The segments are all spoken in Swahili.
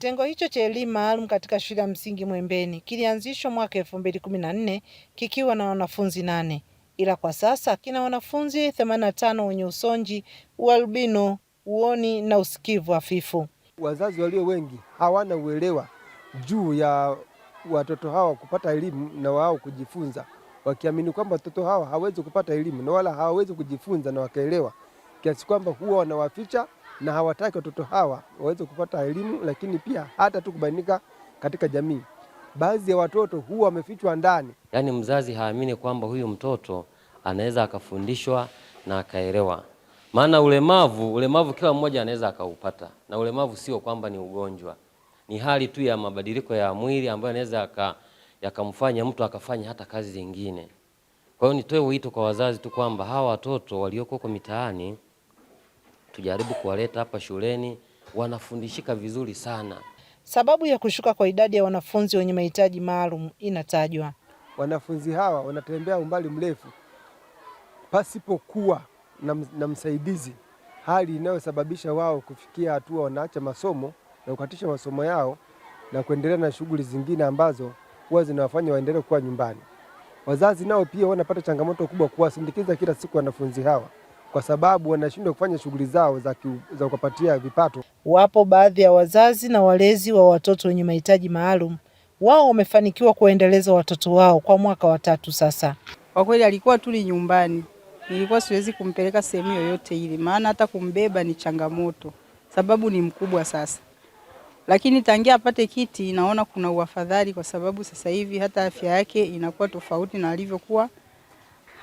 Kitengo hicho cha elimu maalum katika shule ya msingi Mwembeni kilianzishwa mwaka elfu mbili kumi na nne kikiwa na wanafunzi nane ila kwa sasa kina wanafunzi 85 wenye usonji, ualbino, uoni na usikivu hafifu. Wazazi walio wengi hawana uelewa juu ya watoto hawa kupata elimu na wao kujifunza, wakiamini kwamba watoto hawa hawezi kupata elimu na wala hawawezi kujifunza na wakaelewa, kiasi kwamba huwa wanawaficha na hawataki watoto hawa waweze kupata elimu, lakini pia hata tu kubainika katika jamii. Baadhi ya watoto huwa wamefichwa ndani, yaani mzazi haamini kwamba huyu mtoto anaweza akafundishwa na akaelewa. Maana ulemavu, ulemavu kila mmoja anaweza akaupata, na ulemavu sio kwamba ni ugonjwa, ni hali tu ya mabadiliko ya mwili ambayo anaweza yakamfanya mtu akafanya hata kazi zingine. Kwa hiyo nitoe wito kwa wazazi tu kwamba hawa watoto walioko huko mitaani tujaribu kuwaleta hapa shuleni, wanafundishika vizuri sana. Sababu ya kushuka kwa idadi ya wanafunzi wenye mahitaji maalum inatajwa, wanafunzi hawa wanatembea umbali mrefu pasipokuwa na, na msaidizi, hali inayosababisha wao kufikia hatua wanaacha masomo na kukatisha masomo yao na kuendelea na shughuli zingine ambazo huwa zinawafanya waendelee kuwa nyumbani. Wazazi nao pia wanapata changamoto kubwa kuwasindikiza kila siku wanafunzi hawa kwa sababu wanashindwa kufanya shughuli zao za, za kupatia vipato. Wapo baadhi ya wazazi na walezi wa watoto wenye mahitaji maalum, wao wamefanikiwa kuendeleza watoto wao kwa mwaka wa tatu sasa. Kwa kweli alikuwa tuli nyumbani, nilikuwa siwezi kumpeleka sehemu yoyote ile, maana hata kumbeba ni changamoto, sababu ni mkubwa sasa lakini tangia apate kiti naona kuna uafadhali, kwa sababu sasa hivi hata afya yake inakuwa tofauti na alivyokuwa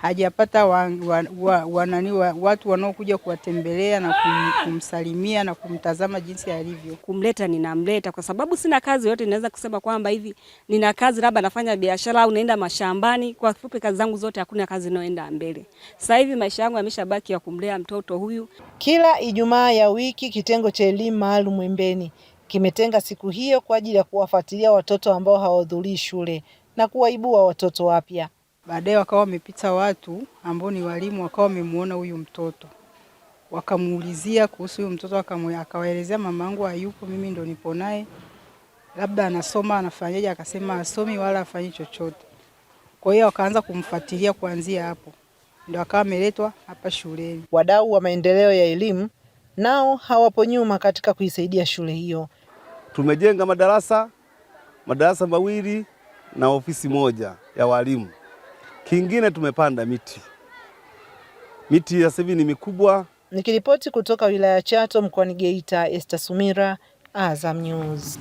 hajapata wa, wa, wa, wanani, wa, watu wanaokuja kuwatembelea na kum, kumsalimia na kumtazama jinsi alivyo. Kumleta ninamleta kwa sababu sina kazi yote, naweza kusema kwamba hivi nina kazi labda nafanya biashara au naenda mashambani. Kwa kifupi, kazi zangu zote hakuna kazi inayoenda mbele. Sasa hivi maisha yangu yameshabaki ya kumlea mtoto huyu. Kila Ijumaa ya wiki kitengo cha elimu maalum Mwembeni kimetenga siku hiyo kwa ajili ya kuwafuatilia watoto ambao hawahudhurii shule na kuwaibua watoto wapya. Baadaye wakawa wamepita watu ambao ni walimu, wakawa wamemuona huyu mtoto, wakamuulizia kuhusu huyu mtoto, akawaelezea mamangu hayupo, mimi ndo nipo naye, labda anasoma anafanyaje? Akasema asomi wala afanyi chochote. Kwa hiyo wakaanza kumfuatilia kuanzia hapo, ndo akawa ameletwa hapa shuleni. Wadau wa maendeleo ya elimu nao hawapo nyuma katika kuisaidia shule hiyo. Tumejenga madarasa madarasa mawili na ofisi moja ya walimu. Kingine tumepanda miti, miti ya sivi ni mikubwa. Nikiripoti kutoka wilaya ya Chato mkoani Geita, Esther Sumira, Azam News.